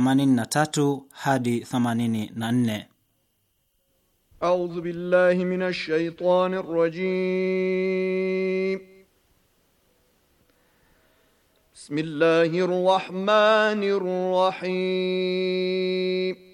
83 hadi 84. A'udhu billahi minash shaitani rajim. Bismillahir rahmanir rahim.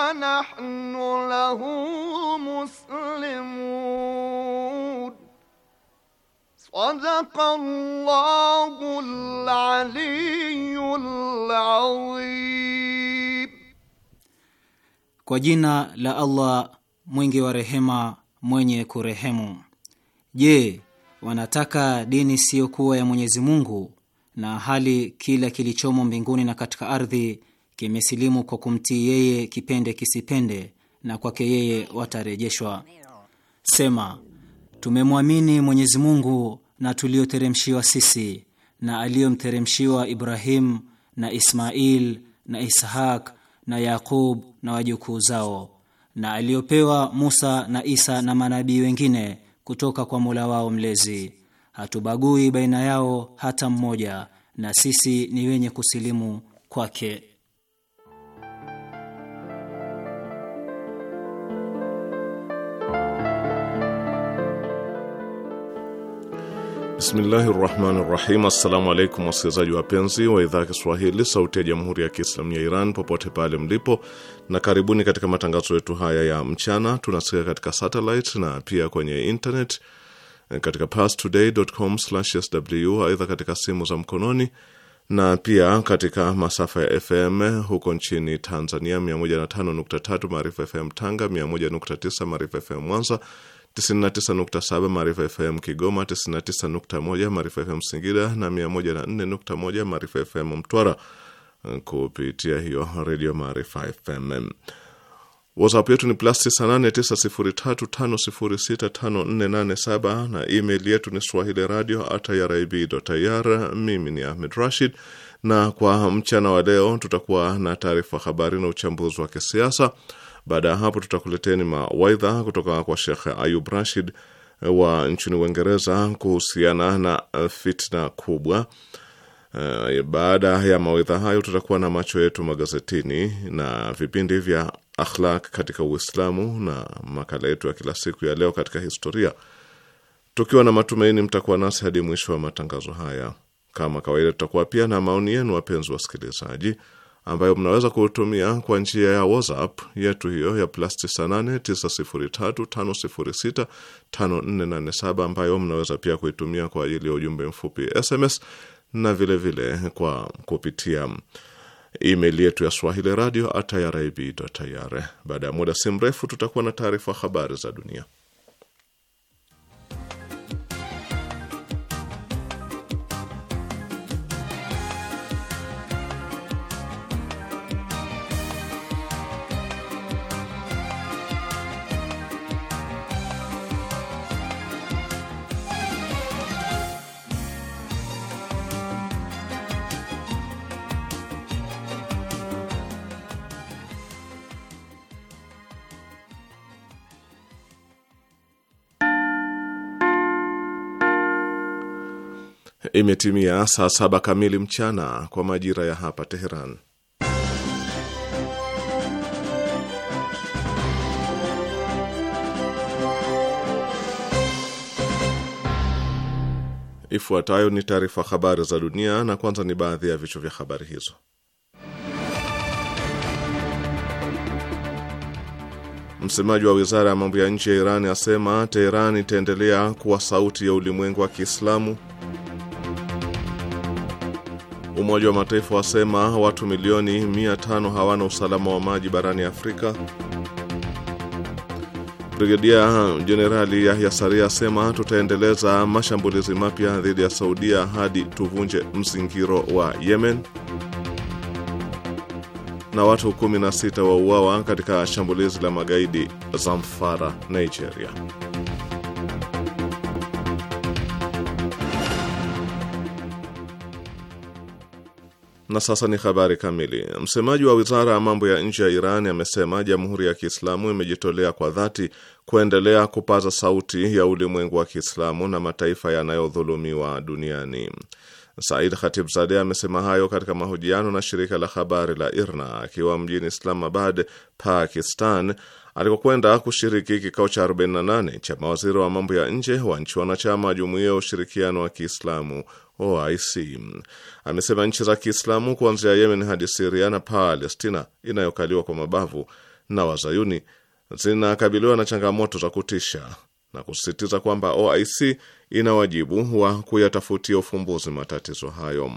ونحن له مسلمون صدق الله العلي العظيم Kwa jina la Allah mwingi wa rehema mwenye kurehemu. Je, wanataka dini siyo kuwa ya Mwenyezi Mungu na hali kila kilichomo mbinguni na katika ardhi kimesilimu kwa kumtii yeye kipende kisipende, na kwake yeye watarejeshwa. Sema, tumemwamini Mwenyezi Mungu na tuliyoteremshiwa sisi na aliyomteremshiwa Ibrahim na Ismail na ishak na Yaqub na wajukuu zao na aliyopewa Musa na Isa na manabii wengine kutoka kwa Mola wao mlezi. Hatubagui baina yao hata mmoja, na sisi ni wenye kusilimu kwake. Bismillahi rahmani rahim. Assalamu alaikum wasikilizaji wapenzi wa idhaa ya Kiswahili sauti ya jamhuri ya Kiislamu ya Iran popote pale mlipo, na karibuni katika matangazo yetu haya ya mchana. Tunasikia katika satellite na pia kwenye internet eh, katika pastodaycom sw aidha katika simu za mkononi na pia katika masafa ya FM eh, huko nchini Tanzania, 105.3 Maarifa FM Tanga, 101.9 Maarifa FM Mwanza 99.7 Maarifa FM Kigoma, 99.1 Maarifa FM Singida na 104.1 Maarifa FM Mtwara, kupitia hiyo redio Maarifa FM. WhatsApp yetu ni plus 989035065487 na email yetu ni swahili radio at Mimi ni Ahmed Rashid, na kwa mchana wa leo tutakuwa na taarifa habari na uchambuzi wa kisiasa baada ya hapo, tutakuleteni mawaidha kutoka kwa Shekh Ayub Rashid eh, wa nchini Uingereza kuhusiana na eh, fitna kubwa. Eh, baada ya mawaidha hayo, tutakuwa na macho yetu magazetini na vipindi vya akhlaq katika Uislamu na makala yetu ya kila siku ya leo katika historia, tukiwa na matumaini mtakuwa nasi hadi mwisho wa matangazo haya. Kama kawaida, tutakuwa pia na maoni yenu, wapenzi wasikilizaji ambayo mnaweza kutumia kwa njia ya WhatsApp yetu hiyo ya plus 989035065487 ambayo mnaweza pia kuitumia kwa ajili ya ujumbe mfupi SMS na vilevile vile kwa kupitia email yetu ya swahili radio at irib.ir. Baada ya muda si mrefu tutakuwa na taarifa habari za dunia. Imetimia saa saba kamili mchana kwa majira ya hapa Teheran. Ifuatayo ni taarifa habari za dunia, na kwanza ni baadhi ya vichwa vya habari hizo. Msemaji wa wizara ya mambo ya nje ya Iran asema Teheran itaendelea kuwa sauti ya ulimwengu wa Kiislamu Umoja wa Mataifa wasema watu milioni 500 hawana usalama wa maji barani Afrika. Brigedia Jenerali Yahya Saria asema tutaendeleza mashambulizi mapya dhidi ya Saudia hadi tuvunje mzingiro wa Yemen. Na watu 16 wauawa katika shambulizi la magaidi Zamfara, Nigeria. Na sasa ni habari kamili. Msemaji wa wizara ya mambo ya nje ya Iran amesema jamhuri ya Kiislamu imejitolea kwa dhati kuendelea kupaza sauti ya ulimwengu wa Kiislamu na mataifa yanayodhulumiwa duniani. Said zade amesema hayo katika mahojiano na shirika la habari la IRNA akiwa mjini Islamabad, Pakistan, alikokwenda kushiriki kikao cha 48 cha mawaziri wa mambo ya nje wa nchi wanachama wa Jumuiya ya Ushirikiano wa Kiislamu OIC. Oh, Amesema nchi za Kiislamu kuanzia Yemen hadi Siria na Palestina inayokaliwa kwa mabavu na Wazayuni zinakabiliwa na changamoto za kutisha na kusisitiza kwamba OIC ina wajibu wa kuyatafutia ufumbuzi matatizo hayo.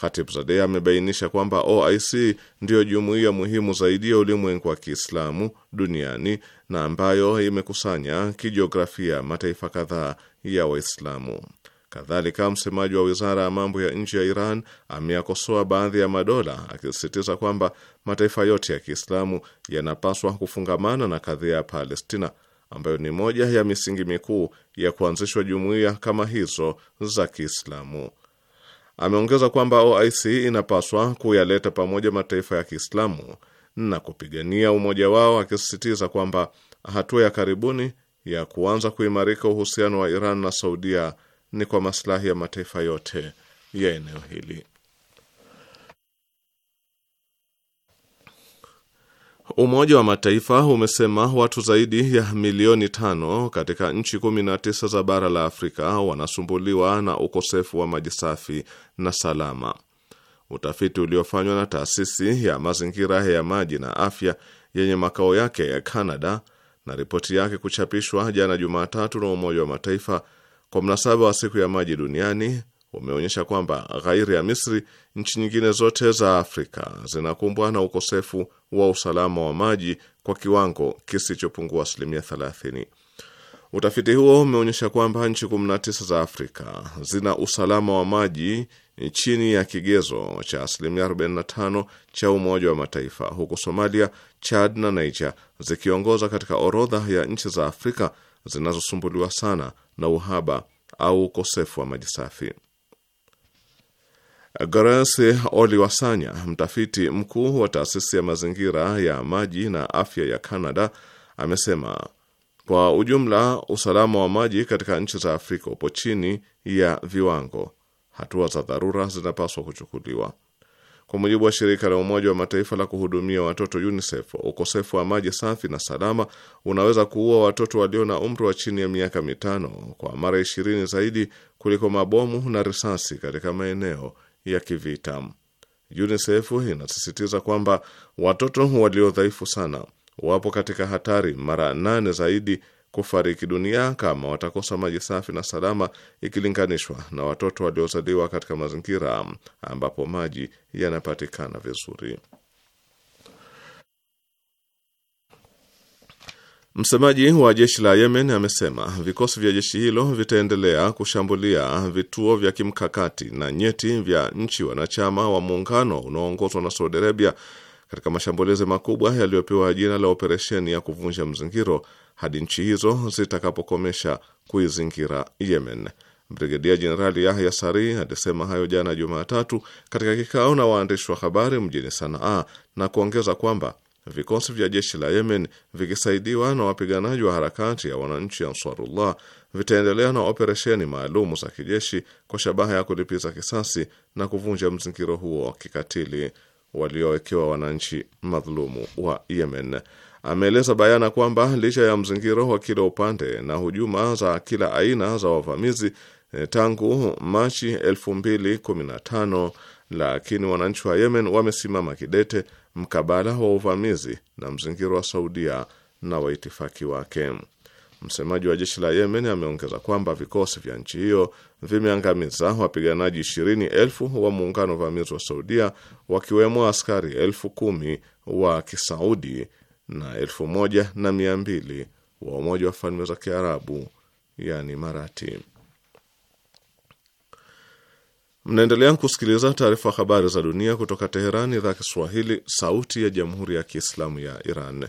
Khatibzadeh amebainisha kwamba OIC ndiyo jumuiya muhimu zaidi ya ulimwengu wa Kiislamu duniani na ambayo imekusanya kijiografia mataifa kadhaa ya Waislamu. Kadhalika, msemaji wa wizara ya mambo ya nje ya Iran ameyakosoa baadhi ya madola akisisitiza kwamba mataifa yote ya Kiislamu yanapaswa kufungamana na kadhia ya Palestina ambayo ni moja ya misingi mikuu ya kuanzishwa jumuiya kama hizo za Kiislamu. Ameongeza kwamba OIC inapaswa kuyaleta pamoja mataifa ya Kiislamu na kupigania umoja wao, akisisitiza kwamba hatua ya karibuni ya kuanza kuimarika uhusiano wa Iran na Saudia ni kwa maslahi ya mataifa yote ya eneo hili. Umoja wa Mataifa umesema watu zaidi ya milioni tano katika nchi kumi na tisa za bara la Afrika wanasumbuliwa na ukosefu wa maji safi na salama. Utafiti uliofanywa na taasisi ya mazingira ya maji na afya yenye makao yake ya Canada na ripoti yake kuchapishwa jana Jumatatu na Umoja wa Mataifa kwa mnasaba wa siku ya maji duniani umeonyesha kwamba ghairi ya Misri, nchi nyingine zote za Afrika zinakumbwa na ukosefu wa usalama wa maji kwa kiwango kisichopungua asilimia 30. Utafiti huo umeonyesha kwamba nchi 19 za Afrika zina usalama wa maji chini ya kigezo cha asilimia 45 cha Umoja wa Mataifa, huku Somalia, Chad na Niger zikiongoza katika orodha ya nchi za Afrika zinazosumbuliwa sana na uhaba au ukosefu wa maji safi. Grace Oliwasanya, mtafiti mkuu wa taasisi ya mazingira ya maji na afya ya Canada, amesema kwa ujumla usalama wa maji katika nchi za Afrika upo chini ya viwango. Hatua za dharura zinapaswa kuchukuliwa. Kwa mujibu wa shirika la Umoja wa Mataifa la kuhudumia watoto UNICEF, ukosefu wa maji safi na salama unaweza kuua watoto walio na umri wa chini ya miaka mitano kwa mara ishirini zaidi kuliko mabomu na risasi katika maeneo ya kivita. UNICEF inasisitiza kwamba watoto waliodhaifu sana wapo katika hatari mara nane zaidi kufariki dunia kama watakosa maji safi na salama ikilinganishwa na watoto waliozaliwa katika mazingira ambapo maji yanapatikana vizuri. Msemaji wa jeshi la Yemen amesema vikosi vya jeshi hilo vitaendelea kushambulia vituo vya kimkakati na nyeti vya nchi wanachama wa muungano unaoongozwa na Saudi Arabia katika mashambulizi makubwa yaliyopewa jina la operesheni ya kuvunja mzingiro hadi nchi hizo zitakapokomesha kuizingira Yemen. Brigedia Jenerali Yahya Sari alisema hayo jana Jumatatu katika kikao na waandishi wa habari mjini Sanaa na kuongeza kwamba vikosi vya jeshi la Yemen vikisaidiwa na wapiganaji wa harakati ya wananchi Ansarullah vitaendelea na operesheni maalumu za kijeshi kwa shabaha ya kulipiza kisasi na kuvunja mzingiro huo kikatili waliowekewa wananchi madhulumu wa Yemen. Ameeleza bayana kwamba licha ya mzingiro wa kila upande na hujuma za kila aina za wavamizi eh, tangu Machi 2015 lakini wananchi wa Yemen wamesimama kidete mkabala wa uvamizi na mzingiro wa Saudia na waitifaki wake. Msemaji wa jeshi la Yemen ameongeza kwamba vikosi vya nchi hiyo vimeangamiza wapiganaji ishirini elfu wa muungano vamizi wa Saudia, wakiwemo askari elfu kumi wa Kisaudi na elfu moja na mia mbili wa Umoja wa Falme za Kiarabu, yani Marati. Mnaendelea kusikiliza taarifa habari za dunia kutoka Teherani, idhaa Kiswahili, sauti ya jamhuri ya kiislamu ya Iran.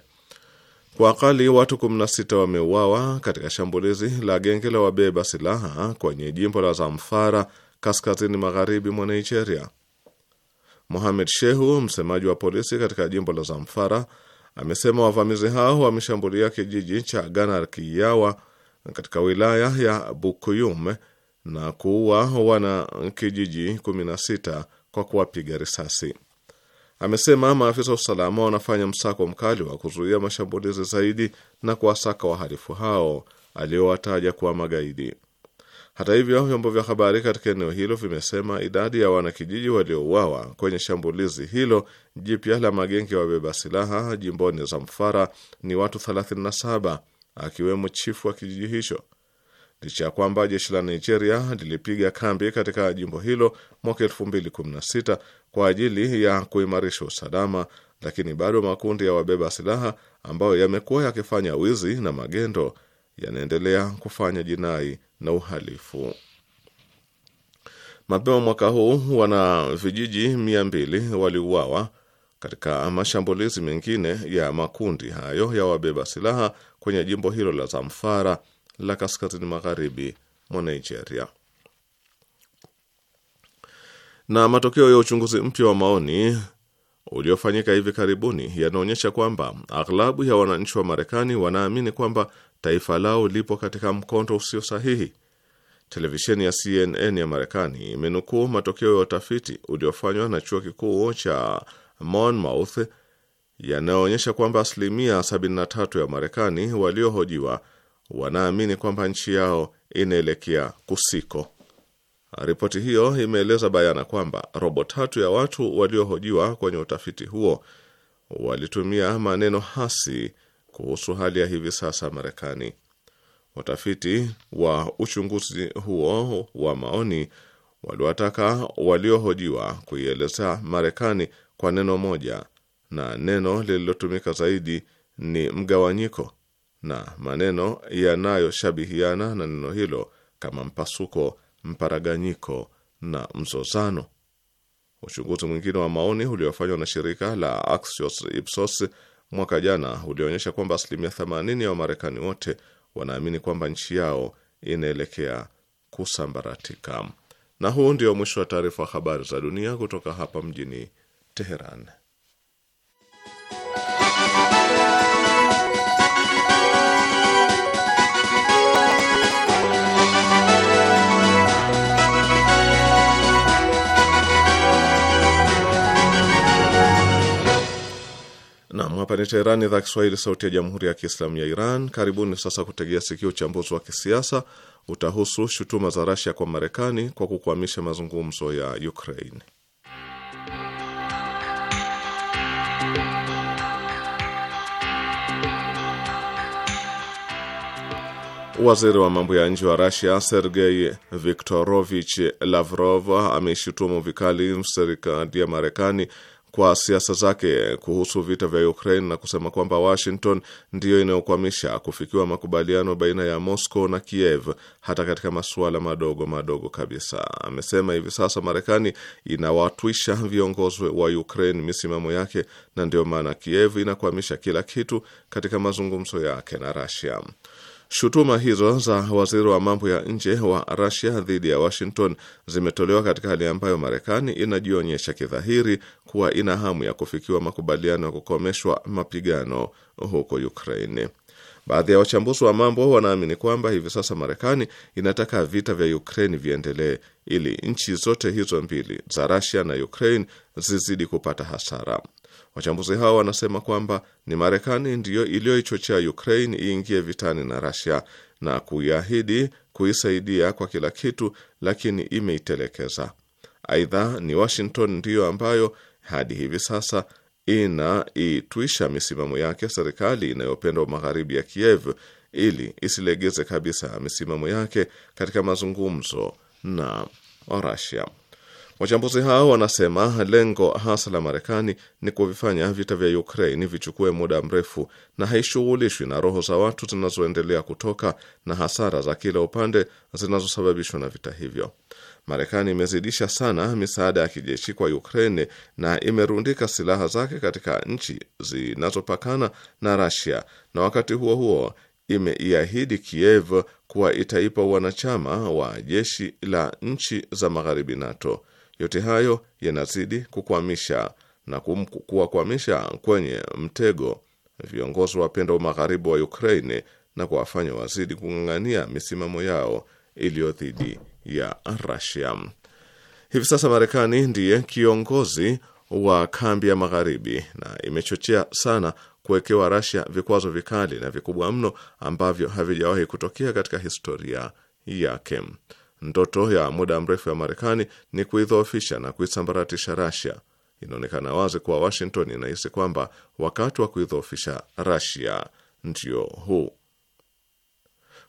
Kwa akali watu 16 wameuawa katika shambulizi la genge la wabeba silaha kwenye jimbo la Zamfara kaskazini magharibi mwa Nigeria. Mohamed Shehu, msemaji wa polisi katika jimbo la Zamfara, amesema wavamizi hao wameshambulia kijiji cha Ganar Kiyawa katika wilaya ya Bukuyum na kuua wana kijiji 16 kwa kuwapiga risasi. Amesema maafisa wa usalama wanafanya msako mkali wa kuzuia mashambulizi zaidi na kuwasaka wahalifu hao aliyowataja kuwa magaidi. Hata hivyo, vyombo vya habari katika eneo hilo vimesema idadi ya wanakijiji waliouawa kwenye shambulizi hilo jipya la magenge wabeba silaha jimboni Zamfara ni watu 37 akiwemo chifu wa kijiji hicho licha ya kwamba jeshi la Nigeria lilipiga kambi katika jimbo hilo mwaka sita kwa ajili ya kuimarisha usalama, lakini bado makundi ya wabeba silaha ambayo yamekuwa yakifanya wizi na magendo yanaendelea kufanya jinai na uhalifu. Mapema mwaka huu wana vijiji mia mbili waliuawa katika mashambulizi mengine ya makundi hayo ya wabeba silaha kwenye jimbo hilo la Zamfara la kaskazini magharibi mwa Nigeria. Na matokeo ya uchunguzi mpya wa maoni uliofanyika hivi karibuni yanaonyesha kwamba aghlabu ya wananchi wa Marekani wanaamini kwamba taifa lao lipo katika mkondo usio sahihi. Televisheni ya CNN ya Marekani imenukuu matokeo ya utafiti uliofanywa na chuo kikuu cha Monmouth yanayoonyesha kwamba asilimia 73 ya Marekani waliohojiwa wanaamini kwamba nchi yao inaelekea kusiko. Ripoti hiyo imeeleza bayana kwamba robo tatu ya watu waliohojiwa kwenye utafiti huo walitumia maneno hasi kuhusu hali ya hivi sasa Marekani. Watafiti wa uchunguzi huo wa maoni waliwataka waliohojiwa kuielezea Marekani kwa neno moja, na neno lililotumika zaidi ni mgawanyiko na maneno yanayoshabihiana na neno hilo kama mpasuko, mparaganyiko na mzozano. Uchunguzi mwingine wa maoni uliofanywa na shirika la Axios Ipsos mwaka jana ulionyesha kwamba asilimia 80 ya Wamarekani wote wanaamini kwamba nchi yao inaelekea kusambaratika. Na huu ndio mwisho wa taarifa wa habari za dunia kutoka hapa mjini Teheran. Nam, hapa ni Teherani, idhaa Kiswahili, sauti ya jamhuri ya kiislamu ya Iran. Karibuni sasa kutegea sikio uchambuzi wa kisiasa. Utahusu shutuma za Rasia kwa Marekani kwa kukwamisha mazungumzo ya Ukraine. Waziri wa mambo ya nje wa Rasia Sergei Viktorovich Lavrov ameishutumu vikali serikali ya Marekani kwa siasa zake kuhusu vita vya Ukraine na kusema kwamba Washington ndiyo inayokwamisha kufikiwa makubaliano baina ya Moscow na Kiev hata katika masuala madogo madogo kabisa. Amesema hivi sasa Marekani inawatwisha viongozi wa Ukraine misimamo yake na ndiyo maana Kiev inakwamisha kila kitu katika mazungumzo yake na Russia. Shutuma hizo za waziri wa mambo ya nje wa Russia dhidi ya Washington zimetolewa katika hali ambayo Marekani inajionyesha kidhahiri kuwa ina hamu ya kufikiwa makubaliano ya kukomeshwa mapigano huko Ukraine. Baadhi ya wachambuzi wa mambo wanaamini kwamba hivi sasa Marekani inataka vita vya Ukraine viendelee ili nchi zote hizo mbili za rasia na Ukraine zizidi kupata hasara. Wachambuzi hao wanasema kwamba ni Marekani ndiyo iliyoichochea Ukraine iingie vitani na Russia na kuiahidi kuisaidia kwa kila kitu, lakini imeitelekeza. Aidha, ni Washington ndiyo ambayo hadi hivi sasa inaitwisha misimamo yake serikali inayopendwa magharibi ya Kiev ili isilegeze kabisa misimamo yake katika mazungumzo na Russia. Wachambuzi hao wanasema lengo hasa la Marekani ni kuvifanya vita vya ukrain vichukue muda mrefu na haishughulishwi na roho za watu zinazoendelea kutoka na hasara za kila upande zinazosababishwa na vita hivyo. Marekani imezidisha sana misaada ya kijeshi kwa ukraini na imerundika silaha zake katika nchi zinazopakana na rasia na wakati huo huo imeiahidi Kiev kuwa itaipa wanachama wa jeshi la nchi za magharibi NATO. Yote hayo yanazidi kukwamisha na kuwakwamisha kwenye mtego viongozi wapenda wa magharibi wa Ukraine na kuwafanya wazidi kung'ang'ania misimamo yao iliyo dhidi ya Russia. Hivi sasa Marekani ndiye kiongozi wa kambi ya magharibi na imechochea sana kuwekewa Russia vikwazo vikali na vikubwa mno ambavyo havijawahi kutokea katika historia yake. Ndoto ya muda mrefu ya Marekani ni kuidhoofisha na kuisambaratisha Rasia. Inaonekana wazi kuwa Washington inahisi kwamba wakati wa kuidhoofisha Rasia ndio huu.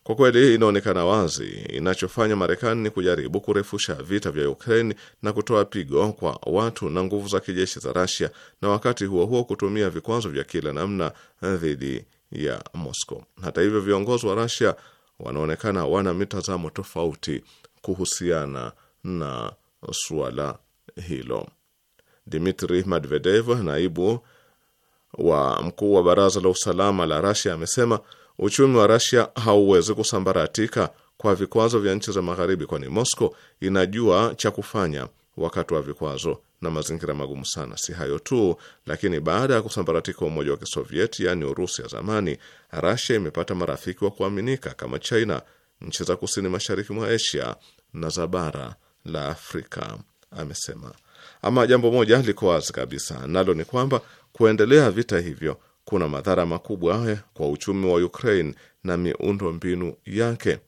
Kwa kweli, inaonekana wazi inachofanya Marekani ni kujaribu kurefusha vita vya ukraini na kutoa pigo kwa watu na nguvu za kijeshi za Rasia, na wakati huo huo kutumia vikwazo vya kila namna dhidi ya Moscow. Hata hivyo, viongozi wa Rasia wanaonekana wana mitazamo tofauti kuhusiana na suala hilo. Dmitri Medvedev, naibu wa mkuu wa baraza la usalama la Rasia, amesema uchumi wa Rasia hauwezi kusambaratika kwa vikwazo vya nchi za Magharibi, kwani Moscow inajua cha kufanya wakati wa vikwazo na mazingira magumu sana. Si hayo tu, lakini baada ya kusambaratika umoja wa Kisovieti, yaani Urusi ya zamani, Rasia imepata marafiki wa kuaminika kama China, nchi za kusini mashariki mwa Asia na za bara la Afrika, amesema. Ama jambo moja liko wazi kabisa, nalo ni kwamba kuendelea vita hivyo kuna madhara makubwa eh, kwa uchumi wa Ukraine na miundo mbinu yake.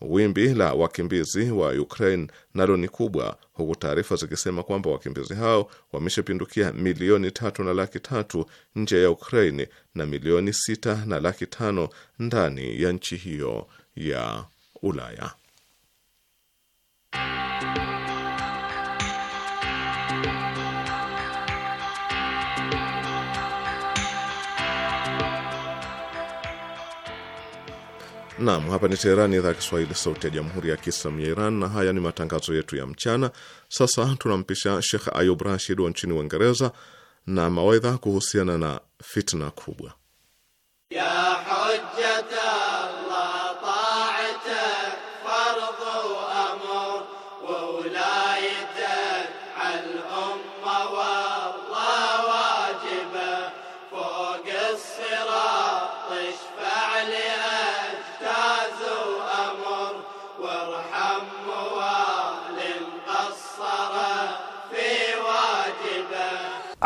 Wimbi la wakimbizi wa Ukraine nalo ni kubwa, huku taarifa zikisema kwamba wakimbizi hao wameshapindukia milioni tatu na laki tatu nje ya Ukraine na milioni sita na laki tano ndani ya nchi hiyo ya Ulaya. nam hapa ni Teherani, idhaa ya Kiswahili, sauti ya jamhuri ya kiislamu ya Iran, na haya ni matangazo yetu ya mchana. Sasa tunampisha Shekh Ayub Rashid wa nchini Uingereza na mawaidha kuhusiana na fitna kubwa ya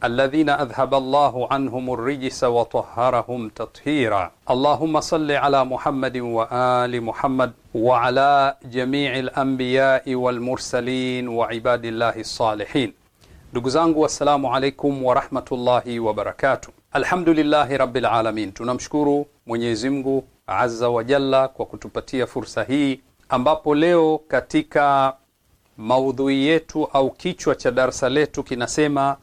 alladhina adhhaba Allahu anhum ar-rijsa wa tahharahum tathira Allahumma salli ala Muhammadin wa ali Muhammad wa ala jami'il anbiya'i wal mursalin wa ibadillahi salihin. Ndugu zangu, assalamu alaykum wa rahmatullahi wa barakatuh. Alhamdulillahi rabbil alamin, tunamshukuru Mwenyezi Mungu azza wa jalla kwa kutupatia fursa hii ambapo leo katika maudhui yetu au kichwa cha darsa letu kinasema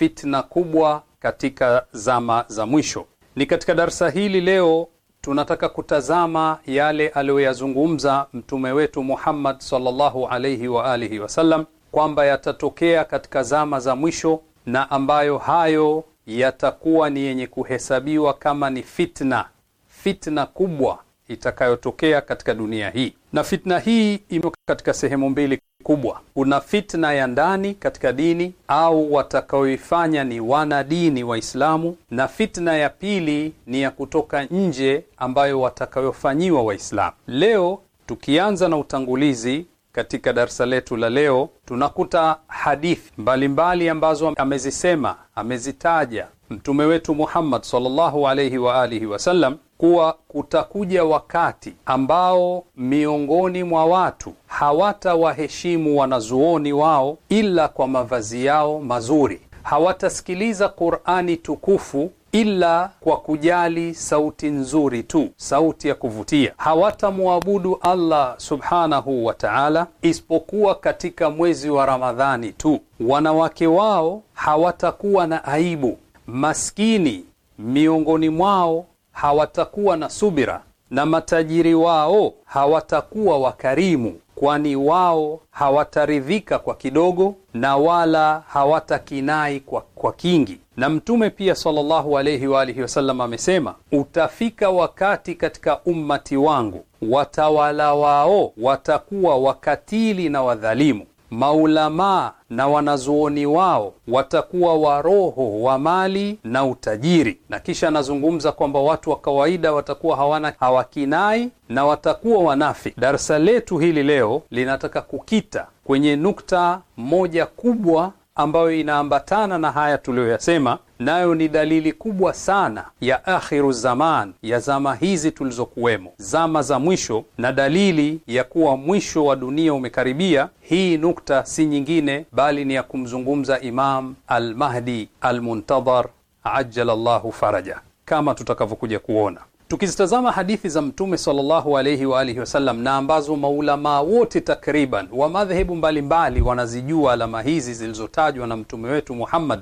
fitna kubwa katika zama za mwisho. Ni katika darsa hili leo tunataka kutazama yale aliyoyazungumza mtume wetu Muhammad sallallahu alayhi wa alihi wasallam kwamba yatatokea katika zama za mwisho na ambayo hayo yatakuwa ni yenye kuhesabiwa kama ni fitna, fitna kubwa itakayotokea katika dunia hii na fitna hii imo katika sehemu mbili kubwa. Kuna fitna ya ndani katika dini au watakaoifanya ni wana dini Waislamu, na fitna ya pili ni ya kutoka nje ambayo watakayofanyiwa Waislamu. Leo tukianza na utangulizi katika darsa letu la leo, tunakuta hadithi mbalimbali mbali ambazo amezisema amezitaja mtume wetu Muhammad sallallahu alayhi wa alihi wasallam kuwa kutakuja wakati ambao miongoni mwa watu hawatawaheshimu wanazuoni wao ila kwa mavazi yao mazuri, hawatasikiliza Qur'ani tukufu ila kwa kujali sauti nzuri tu, sauti ya kuvutia. Hawatamwabudu Allah subhanahu wa ta'ala isipokuwa katika mwezi wa Ramadhani tu. Wanawake wao hawatakuwa na aibu maskini miongoni mwao hawatakuwa na subira na matajiri wao hawatakuwa wakarimu, kwani wao hawataridhika kwa kidogo na wala hawatakinai kwa, kwa kingi. Na Mtume pia sallallahu alayhi wa alihi wasallam amesema, utafika wakati katika ummati wangu watawala wao watakuwa wakatili na wadhalimu maulamaa na wanazuoni wao watakuwa waroho wa mali na utajiri. Na kisha anazungumza kwamba watu wa kawaida watakuwa hawana hawakinai na watakuwa wanafi. darsa letu hili leo linataka kukita kwenye nukta moja kubwa ambayo inaambatana na haya tuliyoyasema, nayo ni dalili kubwa sana ya akhiru zaman, ya zama hizi tulizokuwemo, zama za mwisho, na dalili ya kuwa mwisho wa dunia umekaribia. Hii nukta si nyingine bali ni ya kumzungumza Imam Almahdi Almuntadhar ajala llahu faraja, kama tutakavyokuja kuona. Tukizitazama hadithi za Mtume sallallahu alaihi wa alihi wasallam na ambazo maulamaa wote takriban wa madhehebu mbalimbali wanazijua alama hizi zilizotajwa na Mtume wetu Muhammad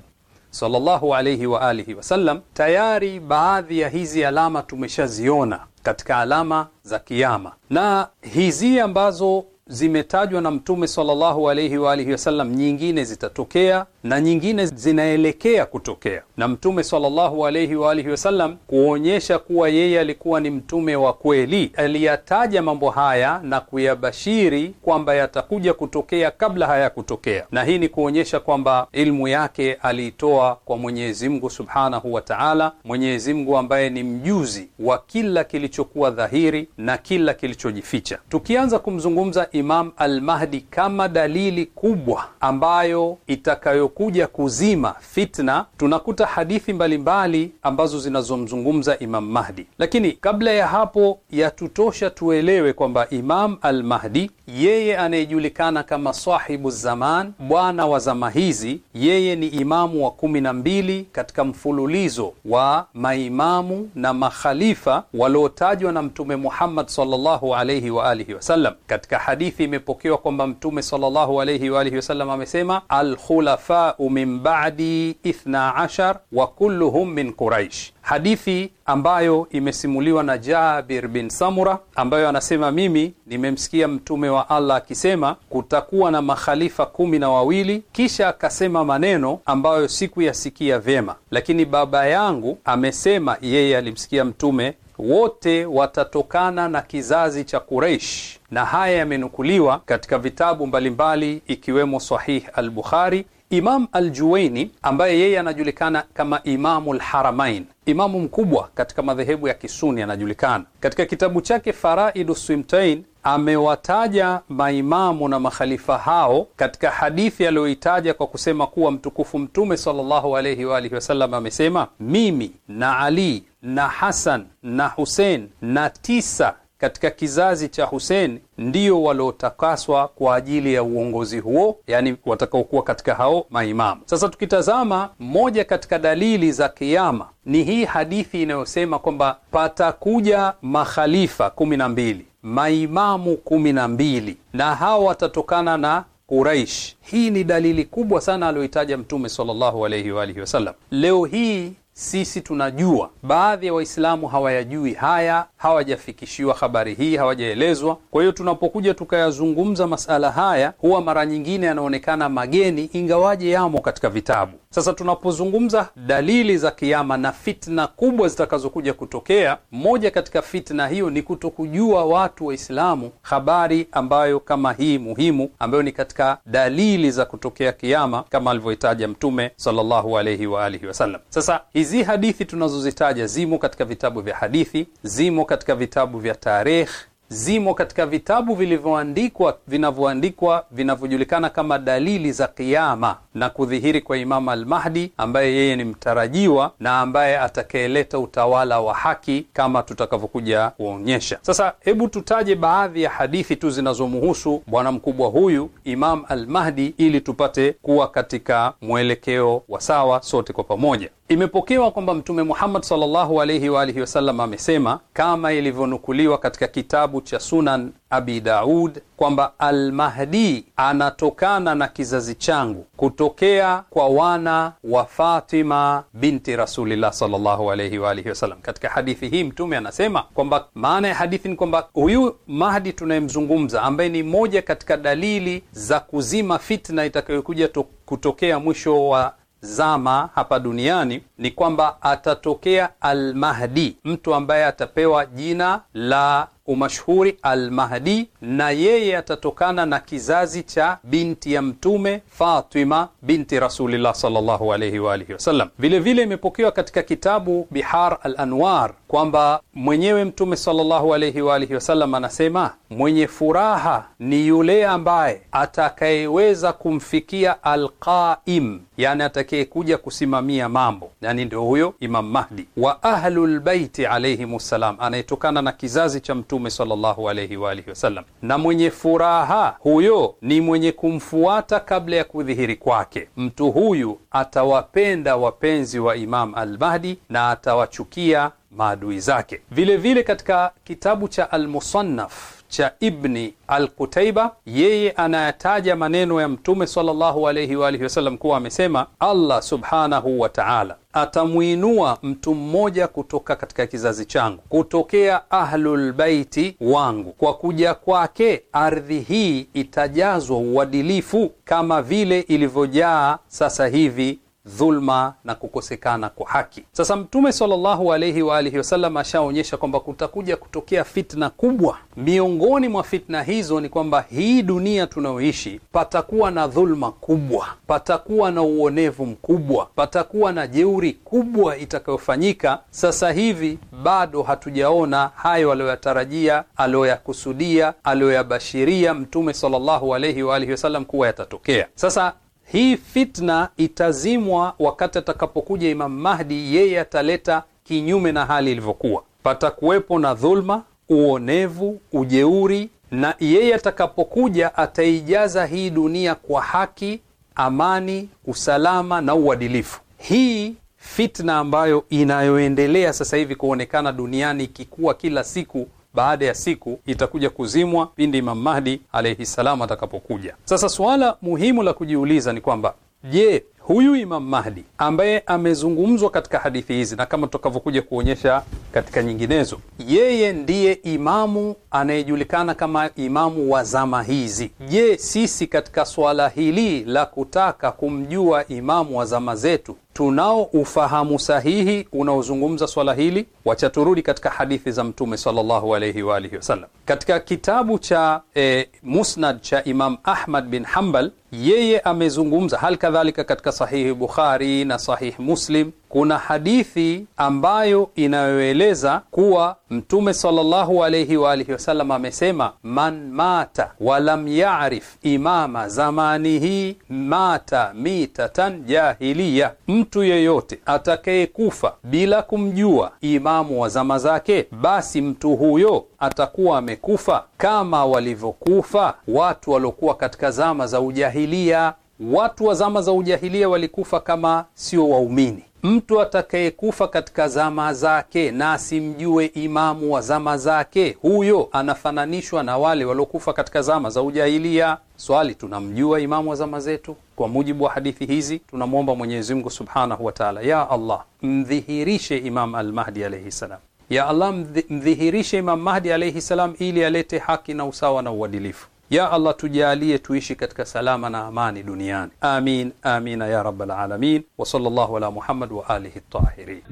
sallallahu alaihi wa alihi wasallam, tayari baadhi ya hizi alama tumeshaziona katika alama za kiama na hizi ambazo zimetajwa na Mtume sallallahu alaihi wa alihi wasallam, nyingine zitatokea na nyingine zinaelekea kutokea, na Mtume sallallahu alayhi wa alihi wasallam kuonyesha kuwa yeye alikuwa ni mtume wa kweli, aliyataja mambo haya na kuyabashiri kwamba yatakuja kutokea kabla hayakutokea, na hii ni kuonyesha kwamba ilmu yake aliitoa kwa Mwenyezi Mungu subhanahu wa taala, Mwenyezi Mungu ambaye ni mjuzi wa kila kilichokuwa dhahiri na kila kilichojificha. Tukianza kumzungumza Imam almahdi kama dalili kubwa ambayo itakayo yaliyokuja kuzima fitna, tunakuta hadithi mbalimbali mbali ambazo zinazomzungumza Imam Mahdi. Lakini kabla ya hapo, yatutosha tuelewe kwamba Imam al-Mahdi yeye anayejulikana kama sahibu zaman, bwana wa zama hizi, yeye ni imamu wa kumi na mbili katika mfululizo wa maimamu na makhalifa waliotajwa na Mtume Muhammad sallallahu alayhi wa alihi wasallam. Katika hadithi imepokewa kwamba Mtume sallallahu alayhi wa alihi wasallam amesema alkhulafa khulafau min ba'di ithna ashar wa kulluhum min Quraish, hadithi ambayo imesimuliwa na Jabir bin Samura ambayo anasema mimi nimemsikia mtume wa Allah akisema kutakuwa na makhalifa kumi na wawili, kisha akasema maneno ambayo sikuyasikia vyema, lakini baba yangu amesema yeye alimsikia mtume wote watatokana na kizazi cha Quraish, na haya yamenukuliwa katika vitabu mbalimbali ikiwemo Sahih al-Bukhari Imam Aljuwaini ambaye yeye anajulikana kama Imamu Lharamain, imamu mkubwa katika madhehebu ya Kisuni anajulikana. Katika kitabu chake Faraidu Swimtain amewataja maimamu na makhalifa hao katika hadithi aliyoitaja kwa kusema kuwa mtukufu Mtume sallallahu alayhi wa alihi wasallam amesema, mimi na Ali na Hasan na Husein na tisa katika kizazi cha Hussein ndio waliotakaswa kwa ajili ya uongozi huo, yani watakaokuwa katika hao maimamu. Sasa tukitazama, moja katika dalili za kiama ni hii hadithi inayosema kwamba patakuja makhalifa kumi na mbili, maimamu kumi na mbili, na hao watatokana na Quraish. Hii ni dalili kubwa sana aliyoitaja Mtume sallallahu alayhi wa alihi wasallam. Leo hii sisi tunajua, baadhi ya wa Waislamu hawayajui haya, hawajafikishiwa habari hii, hawajaelezwa. Kwa hiyo tunapokuja tukayazungumza masala haya, huwa mara nyingine yanaonekana mageni, ingawaje yamo katika vitabu. Sasa tunapozungumza dalili za kiama na fitna kubwa zitakazokuja kutokea, moja katika fitna hiyo ni kutokujua watu Waislamu habari ambayo kama hii muhimu, ambayo ni katika dalili za kutokea kiama kama alivyoitaja Mtume sallallahu wa alihi wasallam. Sasa hizi hadithi tunazozitaja zimo katika vitabu vya hadithi, zimo katika vitabu vya tarikh zimo katika vitabu vilivyoandikwa vinavyoandikwa vinavyojulikana kama dalili za kiama na kudhihiri kwa Imam al-Mahdi ambaye yeye ni mtarajiwa na ambaye atakayeleta utawala wa haki kama tutakavyokuja kuonyesha. Sasa hebu tutaje baadhi ya hadithi tu zinazomhusu bwana mkubwa huyu Imam al-Mahdi ili tupate kuwa katika mwelekeo wa sawa sote kwa pamoja. Imepokewa kwamba Mtume Muhammad sallallahu alaihi wa alihi wasallam amesema kama ilivyonukuliwa katika kitabu kitabu cha Sunan Abi Daud kwamba Almahdi anatokana na kizazi changu kutokea kwa wana wa Fatima binti Rasulillah sallallahu alayhi wa alihi wasallam. Katika hadithi hii Mtume anasema kwamba maana ya hadithi ni kwamba huyu Mahdi tunayemzungumza, ambaye ni moja katika dalili za kuzima fitna itakayokuja kutokea mwisho wa zama hapa duniani ni kwamba atatokea Almahdi, mtu ambaye atapewa jina la umashuhuri Almahdi, na yeye atatokana na kizazi cha binti ya Mtume Fatima binti Rasulillah sallallahu alayhi wa alihi wasallam. Vilevile imepokewa katika kitabu Bihar alanwar kwamba mwenyewe Mtume sallallahu alaihi wa alihi wasallam anasema mwenye furaha ni yule ambaye atakayeweza kumfikia alqaim, yani atakayekuja kusimamia mambo, yani ndio huyo Imam Mahdi wa ahlu lbaiti alayhim salam, anayetokana na kizazi cha Mtume sallallahu alaihi wa alihi wasallam. Na mwenye furaha huyo ni mwenye kumfuata kabla ya kudhihiri kwake. Mtu huyu atawapenda wapenzi wa Imam al-Mahdi na atawachukia maadui zake. Vile vile katika kitabu cha Almusannaf cha Ibni Alqutaiba, yeye anayataja maneno ya Mtume sallallahu alayhi wa alihi wasallam kuwa amesema, Allah subhanahu wa ta'ala atamwinua mtu mmoja kutoka katika kizazi changu kutokea ahlulbaiti wangu, kwa kuja kwake ardhi hii itajazwa uadilifu kama vile ilivyojaa sasa hivi dhulma na kukosekana kwa haki. Sasa Mtume sallallahu alaihi wa alihi wasallam ashaonyesha kwamba kutakuja kutokea fitna kubwa. Miongoni mwa fitna hizo ni kwamba hii dunia tunayoishi, patakuwa na dhulma kubwa, patakuwa na uonevu mkubwa, patakuwa na jeuri kubwa itakayofanyika. Sasa hivi bado hatujaona hayo aliyoyatarajia, aliyoyakusudia, aliyoyabashiria Mtume sallallahu alaihi wa alihi wasallam kuwa yatatokea. Sasa hii fitna itazimwa wakati atakapokuja Imam Mahdi. Yeye ataleta kinyume na hali ilivyokuwa, patakuwepo na dhulma, uonevu, ujeuri, na yeye atakapokuja ataijaza hii dunia kwa haki, amani, usalama na uadilifu. Hii fitna ambayo inayoendelea sasa hivi kuonekana duniani ikikuwa kila siku baada ya siku itakuja kuzimwa pindi Imam Mahdi alayhi salam atakapokuja. Sasa suala muhimu la kujiuliza ni kwamba je, huyu Imam Mahdi ambaye amezungumzwa katika hadithi hizi na kama tutakavyokuja kuonyesha katika nyinginezo, yeye ndiye imamu anayejulikana kama imamu wa zama hizi. Je, sisi katika swala hili la kutaka kumjua imamu wa zama zetu tunao ufahamu sahihi unaozungumza swala hili, wacha turudi katika hadithi za Mtume sallallahu wa alihi wasallam. Katika kitabu cha e, Musnad cha Imam Ahmad bin hambal yeye amezungumza hal kadhalika katika Sahihi Bukhari na Sahihi Muslim kuna hadithi ambayo inayoeleza kuwa Mtume sallallahu alayhi wa alihi wasallam amesema, man mata walam yarif imama zamanihi mata mitatan jahiliya, mtu yeyote atakayekufa bila kumjua imamu wa zama zake, basi mtu huyo atakuwa amekufa kama walivyokufa watu waliokuwa katika zama za ujahilia. Watu wa zama za ujahilia walikufa kama sio waumini Mtu atakayekufa katika zama zake na asimjue imamu wa zama zake, huyo anafananishwa na wale waliokufa katika zama za ujahilia. Swali, tunamjua imamu wa zama zetu? Kwa mujibu wa hadithi hizi, tunamwomba Mwenyezi Mungu subhanahu wa taala, ya Allah, mdhihirishe Imam Almahdi alaihi ssalam. Ya Allah, mdhihirishe Imam Mahdi alaihi ssalam, ili alete haki na usawa na uadilifu. Ya Allah tujalie tuishi katika salama na amani duniani. Amin, amina ya rabbal alamin. Wa sallallahu ala Muhammad wa alihi tahirin.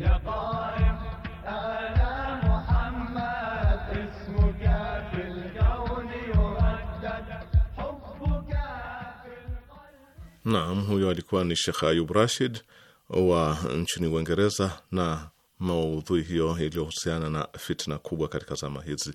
Naam, huyo alikuwa ni Sheikh Ayub Rashid wa nchini Uingereza na maudhui hiyo iliyohusiana na fitna kubwa katika zama hizi.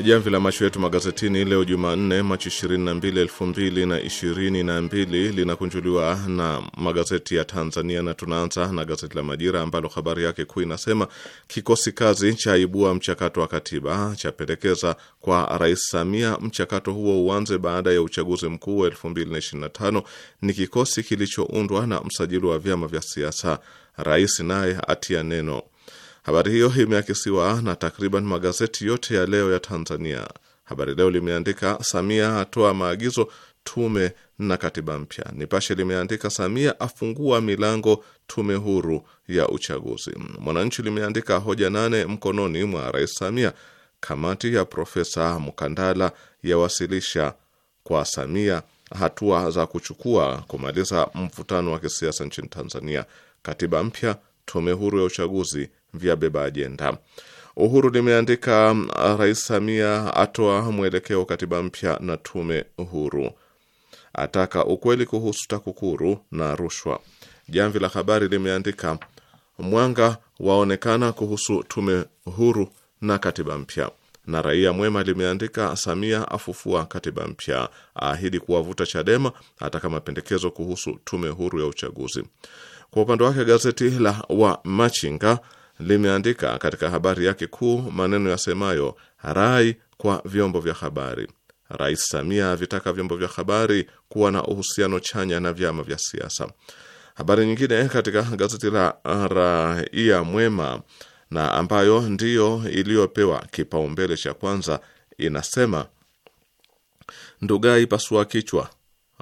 Jamvi la macho yetu magazetini leo Jumanne, Machi 22, 2022 linakunjuliwa na magazeti ya Tanzania na tunaanza na gazeti la Majira ambalo habari yake kuu inasema kikosi kazi cha ibua mchakato wa katiba chapendekeza kwa Rais Samia mchakato huo uanze baada ya uchaguzi mkuu wa 2025. Ni kikosi kilichoundwa na msajili wa vyama vya siasa. Rais naye atia neno Habari hiyo imeakisiwa na takriban magazeti yote ya leo ya Tanzania. Habari Leo limeandika Samia atoa maagizo tume na katiba mpya. Nipashe limeandika Samia afungua milango tume huru ya uchaguzi. Mwananchi limeandika hoja nane mkononi mwa Rais Samia. Kamati ya Profesa Mkandala yawasilisha kwa Samia hatua za kuchukua kumaliza mvutano wa kisiasa nchini Tanzania. Katiba mpya, tume huru ya uchaguzi beba ajenda. Uhuru limeandika Rais Samia atoa mwelekeo katiba mpya na tume huru, ataka ukweli kuhusu TAKUKURU na rushwa. Jamvi la Habari limeandika mwanga waonekana kuhusu tume huru na katiba mpya, na Raia Mwema limeandika Samia afufua katiba mpya, aahidi kuwavuta Chadema, ataka mapendekezo kuhusu tume huru ya uchaguzi. Kwa upande wake gazeti la Wamachinga limeandika katika habari yake kuu maneno yasemayo rai kwa vyombo vya habari. Rais Samia avitaka vyombo vya habari kuwa na uhusiano chanya na vyama vya siasa. Habari nyingine katika gazeti la Raia Mwema na ambayo ndiyo iliyopewa kipaumbele cha kwanza inasema Ndugai pasua kichwa,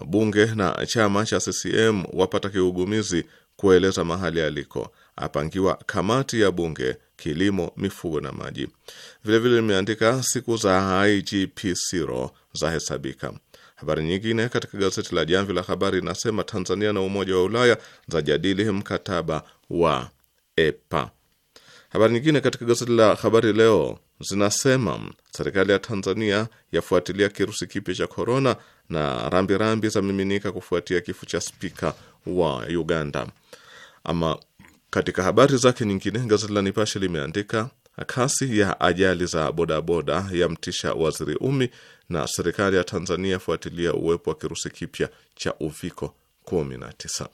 bunge na chama cha CCM wapata kiugumizi kueleza mahali aliko apangiwa kamati ya bunge kilimo, mifugo na maji. Vilevile limeandika siku za IGP Siro za hesabika. Habari nyingine katika gazeti la Jamvi la Habari inasema Tanzania na Umoja wa Ulaya zajadili mkataba wa EPA. Habari nyingine katika gazeti la Habari Leo zinasema serikali ya Tanzania yafuatilia kirusi kipya cha korona, na rambirambi za miminika kufuatia kifo cha spika wa Uganda. Ama katika habari zake nyingine, gazeti la Nipashe limeandika kasi ya ajali za bodaboda yamtisha waziri Umi na serikali ya Tanzania yafuatilia uwepo wa kirusi kipya cha uviko 19.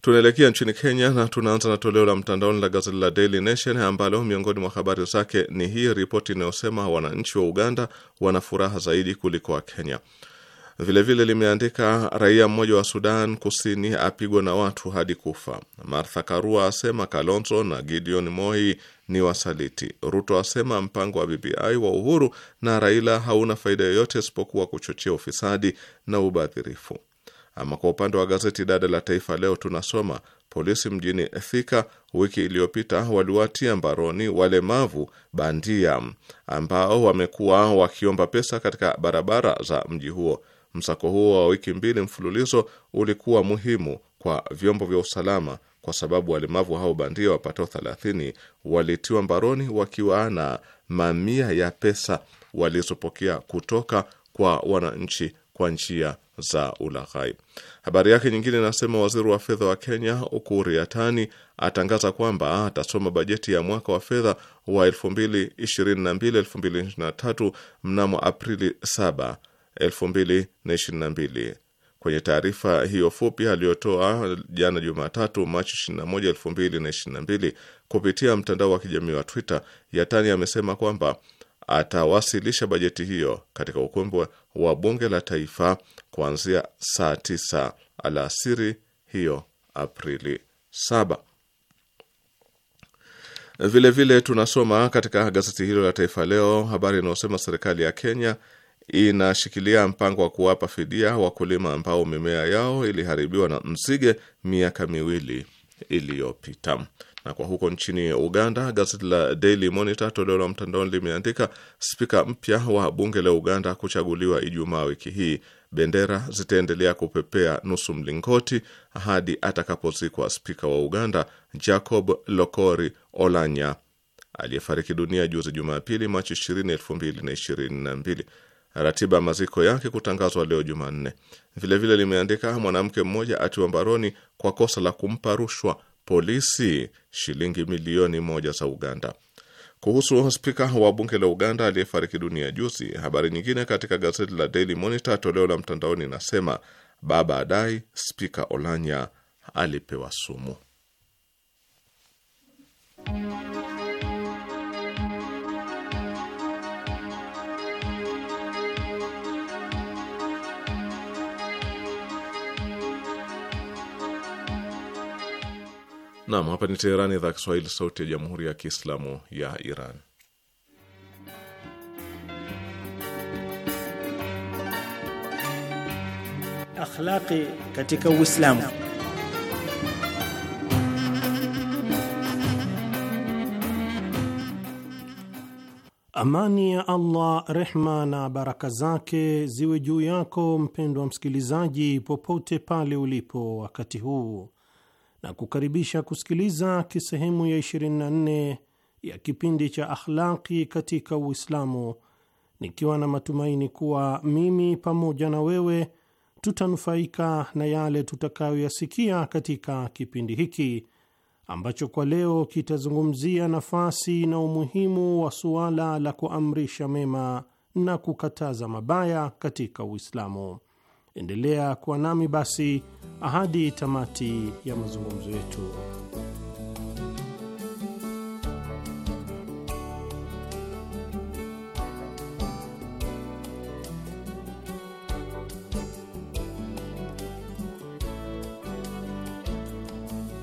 Tunaelekea nchini Kenya na tunaanza na toleo la mtandaoni la gazeti la Daily Nation ambalo miongoni mwa habari zake ni hii ripoti inayosema wananchi wa Uganda wana furaha zaidi kuliko wa Kenya. Vilevile limeandika raia mmoja wa Sudan Kusini apigwa na watu hadi kufa. Martha Karua asema Kalonzo na Gideon Moi ni wasaliti. Ruto asema mpango wa BBI wa Uhuru na Raila hauna faida yoyote isipokuwa kuchochea ufisadi na ubadhirifu. Ama kwa upande wa gazeti dada la Taifa Leo tunasoma polisi mjini Thika wiki iliyopita waliwatia mbaroni walemavu bandia ambao wamekuwa wakiomba pesa katika barabara za mji huo. Msako huo wa wiki mbili mfululizo ulikuwa muhimu kwa vyombo vya usalama kwa sababu walemavu hao bandia wapatao 30 walitiwa mbaroni wakiwa na mamia ya pesa walizopokea kutoka kwa wananchi kwa njia za ulaghai. Habari yake nyingine inasema waziri wa fedha wa Kenya Ukur Yatani atangaza kwamba atasoma bajeti ya mwaka wa fedha wa 2022/2023 mnamo Aprili 7 2022. Kwenye taarifa hiyo fupi aliyotoa jana Jumatatu, Machi 21, 2022, kupitia mtandao wa kijamii wa Twitter, Yatani amesema kwamba atawasilisha bajeti hiyo katika ukumbi wa bunge la taifa kuanzia saa 9 alasiri hiyo Aprili 7. Vilevile tunasoma katika gazeti hilo la Taifa Leo habari inayosema serikali ya Kenya inashikilia mpango wa kuwapa fidia wakulima ambao mimea yao iliharibiwa na nzige miaka miwili iliyopita. Na kwa huko nchini Uganda, gazeti la Daily Monitor toleo la mtandaoni limeandika spika mpya wa bunge la Uganda kuchaguliwa Ijumaa wiki hii. Bendera zitaendelea kupepea nusu mlingoti hadi atakapozikwa spika wa Uganda Jacob Lokori Olanya aliyefariki dunia juzi Jumapili, Machi 20, 2022 ratiba ya maziko yake kutangazwa leo Jumanne. Vilevile limeandika mwanamke mmoja atiwa mbaroni kwa kosa la kumpa rushwa polisi shilingi milioni moja za Uganda. Kuhusu spika wa bunge la Uganda aliyefariki dunia juzi, habari nyingine katika gazeti la Daily Monitor toleo la mtandaoni inasema baba adai spika Olanya alipewa sumu. Naam, hapa ni Teherani, idhaa Kiswahili, sauti ya jamhuri ya kiislamu ya Iran. Akhlaqi katika Uislamu. Amani ya Allah, rehma na baraka zake ziwe juu yako mpendwa msikilizaji, popote pale ulipo wakati huu na kukaribisha kusikiliza kisehemu ya 24 ya kipindi cha Akhlaqi katika Uislamu, nikiwa na matumaini kuwa mimi pamoja na wewe tutanufaika na yale tutakayoyasikia katika kipindi hiki ambacho kwa leo kitazungumzia nafasi na umuhimu wa suala la kuamrisha mema na kukataza mabaya katika Uislamu. Endelea kuwa nami basi ahadi tamati ya mazungumzo yetu.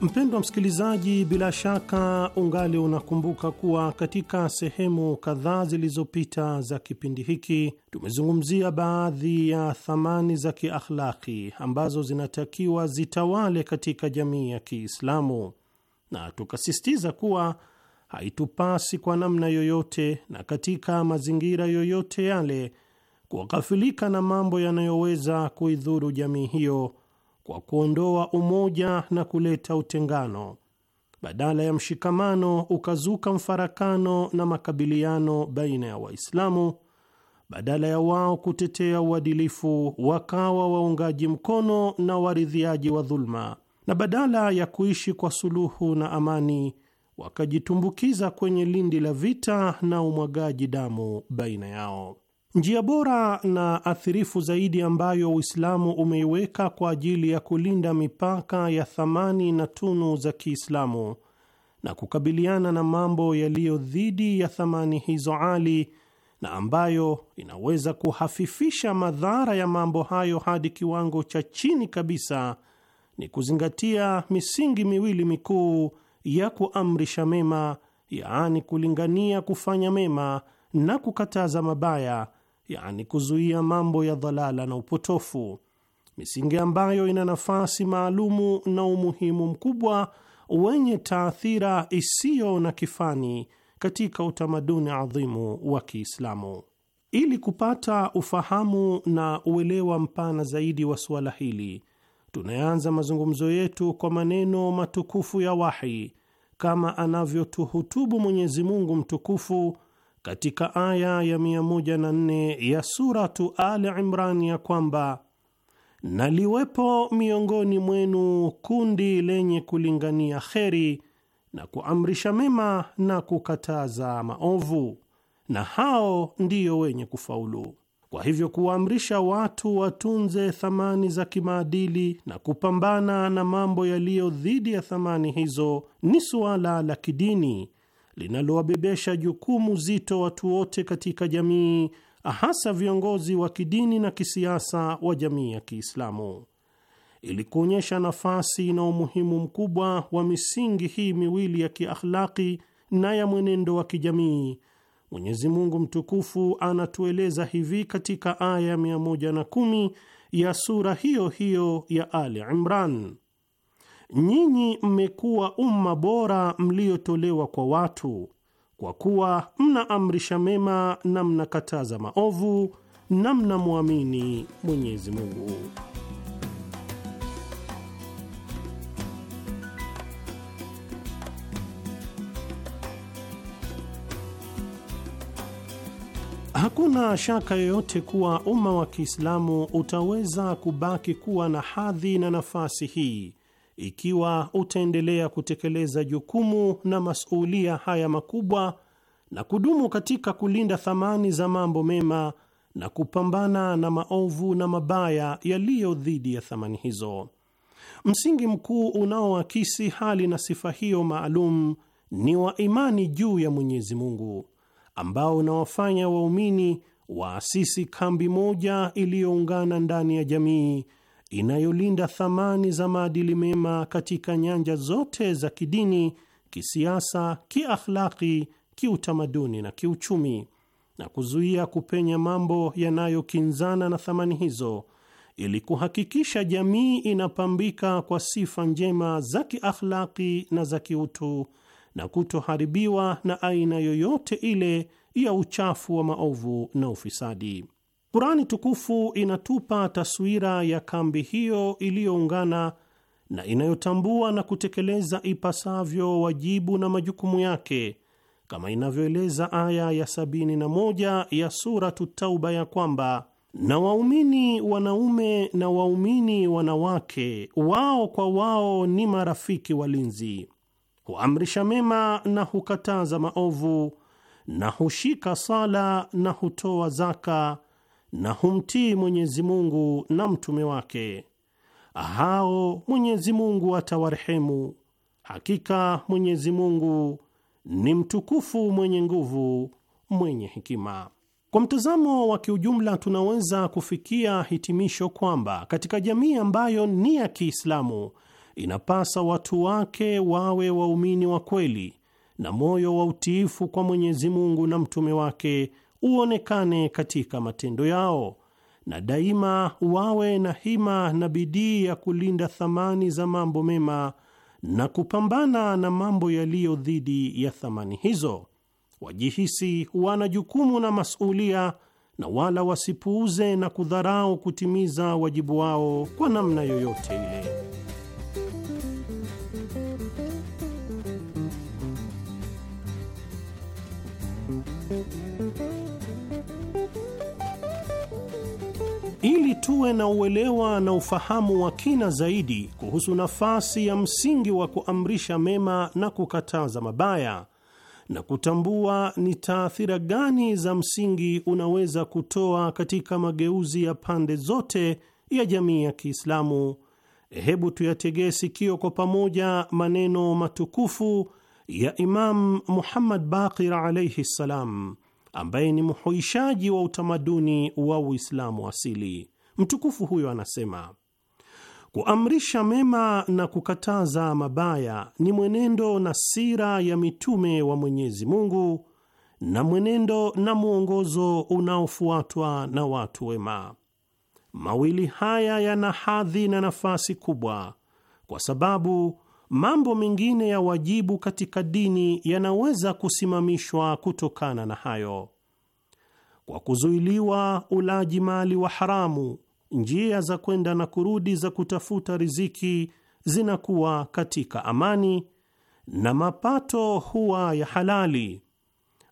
Mpendwa msikilizaji, bila shaka ungali unakumbuka kuwa katika sehemu kadhaa zilizopita za kipindi hiki tumezungumzia baadhi ya thamani za kiakhlaki ambazo zinatakiwa zitawale katika jamii ya Kiislamu, na tukasisitiza kuwa haitupasi kwa namna yoyote na katika mazingira yoyote yale kughafilika na mambo yanayoweza kuidhuru jamii hiyo kwa kuondoa umoja na kuleta utengano. Badala ya mshikamano, ukazuka mfarakano na makabiliano baina ya Waislamu. Badala ya wao kutetea uadilifu, wakawa waungaji mkono na waridhiaji wa dhuluma, na badala ya kuishi kwa suluhu na amani, wakajitumbukiza kwenye lindi la vita na umwagaji damu baina yao. Njia bora na athirifu zaidi ambayo Uislamu umeiweka kwa ajili ya kulinda mipaka ya thamani na tunu za Kiislamu na kukabiliana na mambo yaliyo dhidi ya thamani hizo ali na ambayo inaweza kuhafifisha madhara ya mambo hayo hadi kiwango cha chini kabisa ni kuzingatia misingi miwili mikuu ya kuamrisha mema, yaani kulingania kufanya mema na kukataza mabaya yani kuzuia mambo ya dhalala na upotofu, misingi ambayo ina nafasi maalumu na umuhimu mkubwa wenye taathira isiyo na kifani katika utamaduni adhimu wa Kiislamu. Ili kupata ufahamu na uelewa mpana zaidi wa suala hili, tunaanza mazungumzo yetu kwa maneno matukufu ya wahi kama anavyotuhutubu Mwenyezi Mungu mtukufu katika aya ya 104 ya Suratu Ali Imran ya kwamba na liwepo miongoni mwenu kundi lenye kulingania kheri na kuamrisha mema na kukataza maovu, na hao ndiyo wenye kufaulu. Kwa hivyo kuwaamrisha watu watunze thamani za kimaadili na kupambana na mambo yaliyo dhidi ya thamani hizo ni suala la kidini linalowabebesha jukumu zito watu wote katika jamii, hasa viongozi wa kidini na kisiasa wa jamii ya Kiislamu. Ili kuonyesha nafasi na umuhimu mkubwa wa misingi hii miwili ya kiakhlaki na ya mwenendo wa kijamii, Mwenyezi Mungu mtukufu anatueleza hivi katika aya 110 ya sura hiyo hiyo ya Ali Imran: nyinyi mmekuwa umma bora mliotolewa kwa watu, kwa kuwa mnaamrisha mema na mnakataza maovu na mnamwamini Mwenyezi Mungu. Hakuna shaka yoyote kuwa umma wa Kiislamu utaweza kubaki kuwa na hadhi na nafasi hii ikiwa utaendelea kutekeleza jukumu na masuulia haya makubwa na kudumu katika kulinda thamani za mambo mema na kupambana na maovu na mabaya yaliyo dhidi ya thamani hizo. Msingi mkuu unaoakisi hali na sifa hiyo maalum ni wa imani juu ya Mwenyezi Mungu ambao unawafanya waumini waasisi kambi moja iliyoungana ndani ya jamii inayolinda thamani za maadili mema katika nyanja zote za kidini, kisiasa, kiakhlaki, kiutamaduni na kiuchumi, na kuzuia kupenya mambo yanayokinzana na thamani hizo ili kuhakikisha jamii inapambika kwa sifa njema za kiakhlaki na za kiutu na kutoharibiwa na aina yoyote ile ya uchafu wa maovu na ufisadi. Kurani tukufu inatupa taswira ya kambi hiyo iliyoungana na inayotambua na kutekeleza ipasavyo wajibu na majukumu yake kama inavyoeleza aya ya sabini na moja ya Suratu Tauba ya kwamba na waumini wanaume na waumini wanawake wao kwa wao ni marafiki walinzi, huamrisha mema na hukataza maovu, na hushika sala na hutoa zaka na humtii Mwenyezi Mungu na mtume wake, hao Mwenyezi Mungu atawarehemu. Hakika Mwenyezi Mungu ni mtukufu, mwenye nguvu, mwenye hekima. Kwa mtazamo wa kiujumla, tunaweza kufikia hitimisho kwamba katika jamii ambayo ni ya Kiislamu inapasa watu wake wawe waumini wa kweli na moyo wa utiifu kwa Mwenyezi Mungu na mtume wake uonekane katika matendo yao, na daima wawe na hima na bidii ya kulinda thamani za mambo mema na kupambana na mambo yaliyo dhidi ya thamani hizo. Wajihisi wana jukumu na masulia, na wala wasipuuze na kudharau kutimiza wajibu wao kwa namna yoyote ile. tuwe na uelewa na ufahamu wa kina zaidi kuhusu nafasi ya msingi wa kuamrisha mema na kukataza mabaya na kutambua ni taathira gani za msingi unaweza kutoa katika mageuzi ya pande zote ya jamii ya Kiislamu. Hebu tuyategee sikio kwa pamoja maneno matukufu ya Imam Muhammad Baqir alaihi ssalam, ambaye ni mhuishaji wa utamaduni wa Uislamu asili. Mtukufu huyo anasema kuamrisha mema na kukataza mabaya ni mwenendo na sira ya mitume wa Mwenyezi Mungu na mwenendo na mwongozo unaofuatwa na watu wema. Mawili haya yana hadhi na nafasi kubwa, kwa sababu mambo mengine ya wajibu katika dini yanaweza kusimamishwa kutokana na hayo, kwa kuzuiliwa ulaji mali wa haramu njia za kwenda na kurudi za kutafuta riziki zinakuwa katika amani na mapato huwa ya halali.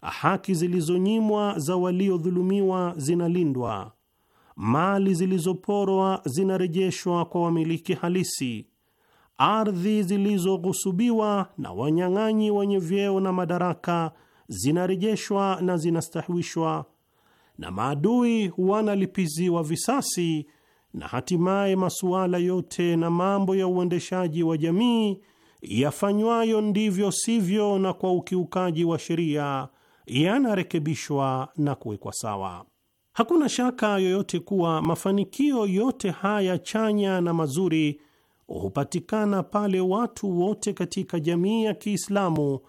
Haki zilizonyimwa za waliodhulumiwa zinalindwa, mali zilizoporwa zinarejeshwa kwa wamiliki halisi, ardhi zilizoghusubiwa na wanyang'anyi wenye vyeo na madaraka zinarejeshwa na zinastahwishwa na maadui wanalipiziwa visasi, na hatimaye masuala yote na mambo ya uendeshaji wa jamii yafanywayo ndivyo sivyo na kwa ukiukaji wa sheria yanarekebishwa na kuwekwa sawa. Hakuna shaka yoyote kuwa mafanikio yote haya chanya na mazuri hupatikana pale watu wote katika jamii ya Kiislamu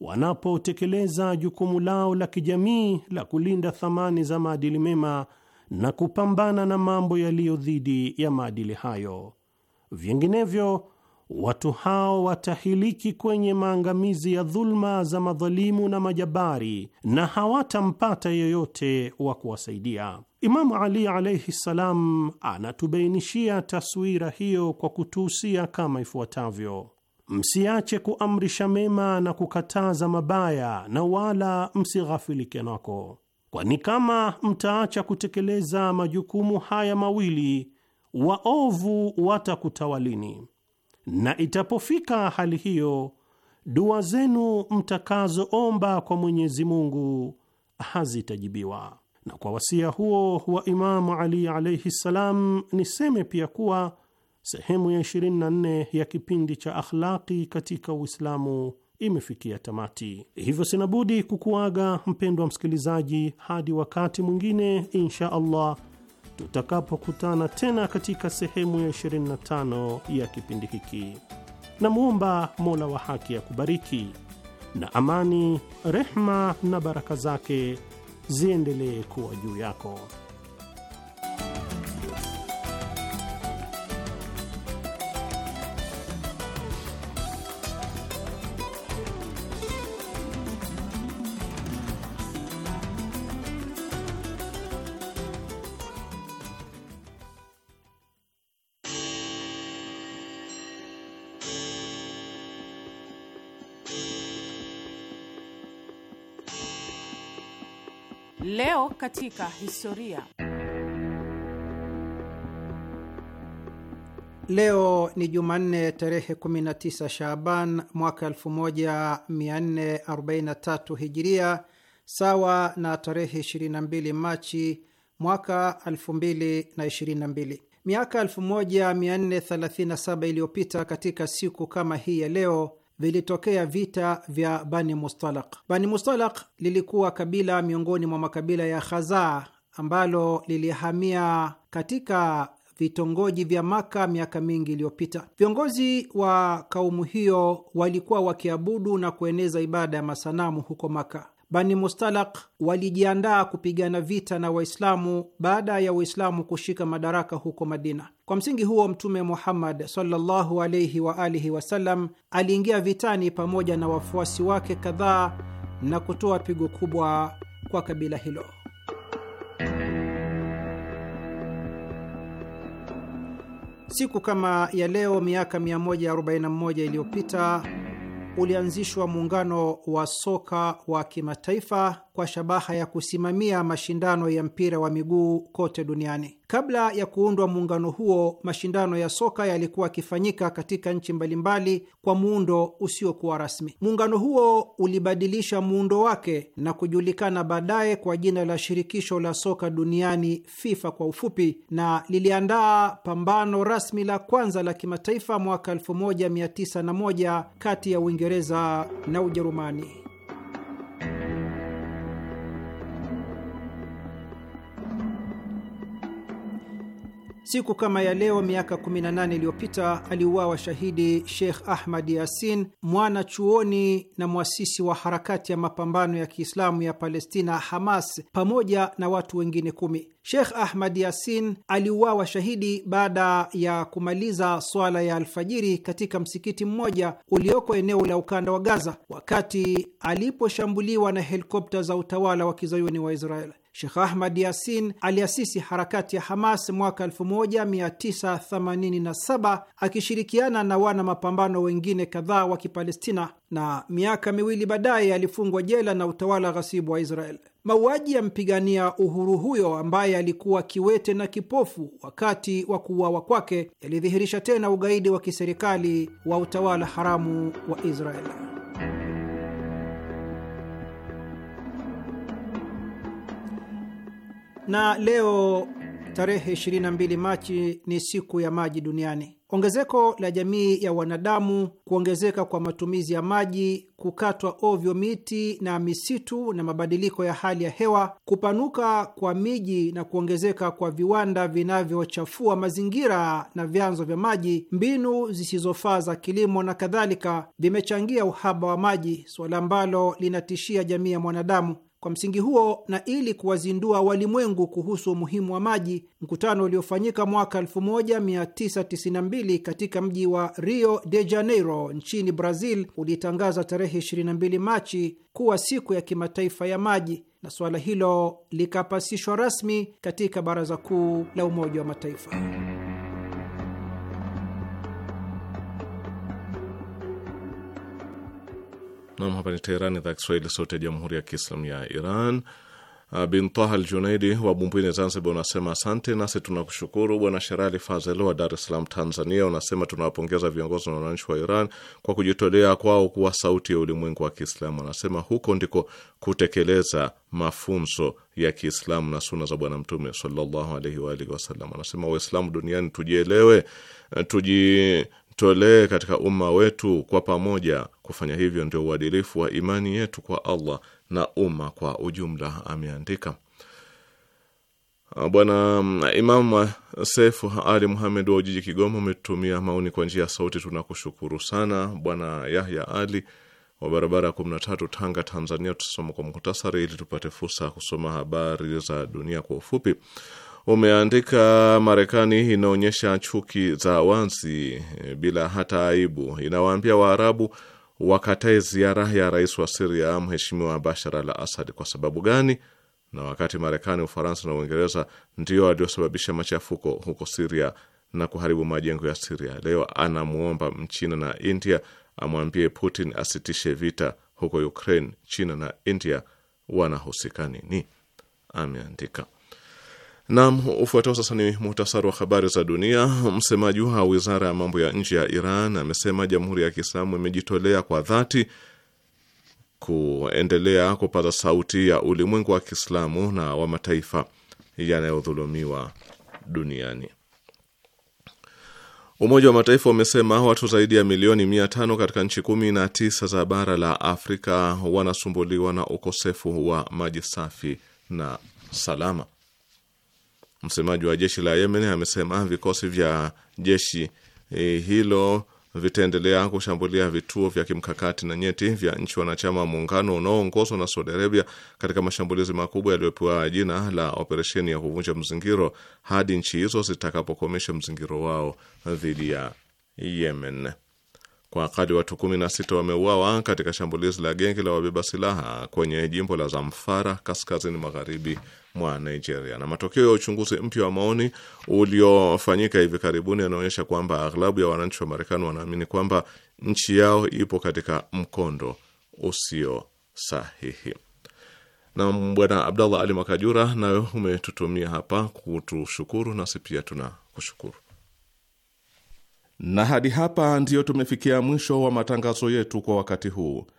wanapotekeleza jukumu lao la kijamii la kulinda thamani za maadili mema na kupambana na mambo yaliyo dhidi ya maadili hayo. Vinginevyo, watu hao watahiliki kwenye maangamizi ya dhuluma za madhalimu na majabari na hawatampata yeyote wa kuwasaidia. Imamu Ali alaihi ssalam anatubainishia taswira hiyo kwa kutuhusia kama ifuatavyo: msiache kuamrisha mema na kukataza mabaya, na wala msighafilike nako, kwani kama mtaacha kutekeleza majukumu haya mawili, waovu watakutawalini, na itapofika hali hiyo, dua zenu mtakazoomba kwa Mwenyezi Mungu hazitajibiwa. Na kwa wasia huo wa Imamu Ali alaihi ssalam, niseme pia kuwa sehemu ya 24 ya kipindi cha Akhlaqi katika Uislamu imefikia tamati. Hivyo sina budi kukuaga mpendwa msikilizaji, hadi wakati mwingine insha Allah tutakapokutana tena katika sehemu ya 25 ya kipindi hiki. Namwomba Mola wa haki ya kubariki na amani, rehma na baraka zake ziendelee kuwa juu yako. Leo katika historia. Leo ni Jumanne tarehe 19 Shaaban mwaka 1443 Hijiria, sawa na tarehe 22 Machi mwaka 2022. Miaka 1437 iliyopita katika siku kama hii ya leo vilitokea vita vya Bani Mustalak. Bani Mustalak lilikuwa kabila miongoni mwa makabila ya Khazaa ambalo lilihamia katika vitongoji vya Maka miaka mingi iliyopita. Viongozi wa kaumu hiyo walikuwa wakiabudu na kueneza ibada ya masanamu huko Maka. Bani Mustalak walijiandaa kupigana vita na Waislamu baada ya Waislamu kushika madaraka huko Madina. Kwa msingi huo, Mtume Muhammad sallallahu alaihi wa alihi wasallam aliingia vitani pamoja na wafuasi wake kadhaa na kutoa pigo kubwa kwa kabila hilo. Siku kama ya leo miaka 141 iliyopita ulianzishwa muungano wa soka wa kimataifa kwa shabaha ya kusimamia mashindano ya mpira wa miguu kote duniani. Kabla ya kuundwa muungano huo, mashindano ya soka yalikuwa yakifanyika katika nchi mbalimbali kwa muundo usiokuwa rasmi. Muungano huo ulibadilisha muundo wake na kujulikana baadaye kwa jina la Shirikisho la Soka Duniani, FIFA kwa ufupi, na liliandaa pambano rasmi la kwanza la kimataifa mwaka 1901 kati ya Uingereza na Ujerumani. Siku kama ya leo miaka 18 iliyopita aliuawa shahidi Sheikh Ahmad Yasin, mwana chuoni na mwasisi wa harakati ya mapambano ya Kiislamu ya Palestina, Hamas, pamoja na watu wengine kumi. Sheikh Ahmad Yasin aliuawa shahidi baada ya kumaliza swala ya alfajiri katika msikiti mmoja ulioko eneo la ukanda wa Gaza wakati aliposhambuliwa na helikopta za utawala wa kizayuni wa Israeli. Shekh Ahmad Yasin aliasisi harakati ya Hamas mwaka 1987 akishirikiana na wana mapambano wengine kadhaa wa Kipalestina, na miaka miwili baadaye alifungwa jela na utawala ghasibu wa Israel. Mauaji ya mpigania uhuru huyo ambaye alikuwa kiwete na kipofu wakati wa kuuawa kwake yalidhihirisha tena ugaidi wa kiserikali wa utawala haramu wa Israel. na leo tarehe 22 Machi ni siku ya maji duniani. Ongezeko la jamii ya wanadamu, kuongezeka kwa matumizi ya maji, kukatwa ovyo miti na misitu na mabadiliko ya hali ya hewa, kupanuka kwa miji na kuongezeka kwa viwanda vinavyochafua mazingira na vyanzo vya maji, mbinu zisizofaa za kilimo na kadhalika, vimechangia uhaba wa maji, suala ambalo linatishia jamii ya mwanadamu. Kwa msingi huo na ili kuwazindua walimwengu kuhusu umuhimu wa maji, mkutano uliofanyika mwaka 1992 katika mji wa Rio de Janeiro nchini Brazil ulitangaza tarehe 22 Machi kuwa siku ya kimataifa ya maji, na suala hilo likapasishwa rasmi katika Baraza Kuu la Umoja wa Mataifa. Nam, hapa ni Teheran, idhaa Kiswahili, sauti ya jamhuri ya kiislamu ya Iran. Ah, Bintaha al Junaidi wa Bumbwini, Zanzibar, unasema asante. Nasi tunakushukuru. Bwana Sherali Fazel wa Dar es Salaam, Tanzania, unasema tunawapongeza viongozi na wananchi wa Iran kwa kujitolea kwao kuwa sauti ya ulimwengu wa Kiislamu. Anasema huko ndiko kutekeleza mafunzo ya Kiislamu na suna za Bwana Mtume sallallahu alaihi wa alihi wasallam. Anasema Waislamu duniani tujielewe, eh, tujitolee katika umma wetu kwa pamoja Kufanya hivyo ndio uadilifu wa imani yetu kwa Allah na umma kwa ujumla, ameandika Bwana mm, Imam Seif Ali Muhamed wa Ujiji, Kigoma. Umetumia maoni kwa njia ya sauti, tunakushukuru sana. Bwana Yahya Ali wa barabara ya kumi na tatu, Tanga, Tanzania. Tutasoma kwa muhtasari ili tupate fursa ya kusoma habari za dunia kwa ufupi. Umeandika, Marekani inaonyesha chuki za wazi eh, bila hata aibu, inawaambia Waarabu wakatae ziara ya rais wa Siria mheshimiwa Bashar al Asad kwa sababu gani? Na wakati Marekani, Ufaransa na Uingereza ndio waliosababisha machafuko huko Siria na kuharibu majengo ya Siria, leo anamwomba Mchina na India amwambie Putin asitishe vita huko Ukraine. China na India wanahusika nini? Ameandika. Nam, ufuatao sasa ni muhtasari wa habari za dunia. Msemaji wa wizara ya mambo ya nje ya Iran amesema jamhuri ya Kiislamu imejitolea kwa dhati kuendelea kupata sauti ya ulimwengu wa Kiislamu na wa mataifa yanayodhulumiwa duniani. Umoja wa Mataifa umesema watu zaidi ya milioni mia tano katika nchi kumi na tisa za bara la Afrika wanasumbuliwa na ukosefu wa maji safi na salama. Msemaji wa jeshi la Yemen amesema vikosi vya jeshi eh, hilo vitaendelea kushambulia vituo vya kimkakati na nyeti vya nchi wanachama wa muungano unaoongozwa na Saudi Arabia katika mashambulizi makubwa yaliyopewa jina la operesheni ya kuvunja mzingiro hadi nchi hizo zitakapokomesha mzingiro wao dhidi ya Yemen. Kwa akali watu sita wameuawa katika shambulizi la genge la wabeba silaha kwenye jimbo la Zamfara kaskazini magharibi mwa Nigeria. Na matokeo ya uchunguzi mpya wa maoni uliofanyika hivi karibuni yanaonyesha kwamba aghlabu ya wananchi wa Marekani wanaamini kwamba nchi yao ipo katika mkondo usio sahihi. Na bwana Abdallah Ali Makajura, nawe umetutumia hapa kutushukuru, nasi pia tuna kushukuru. Na hadi hapa ndiyo tumefikia mwisho wa matangazo yetu kwa wakati huu.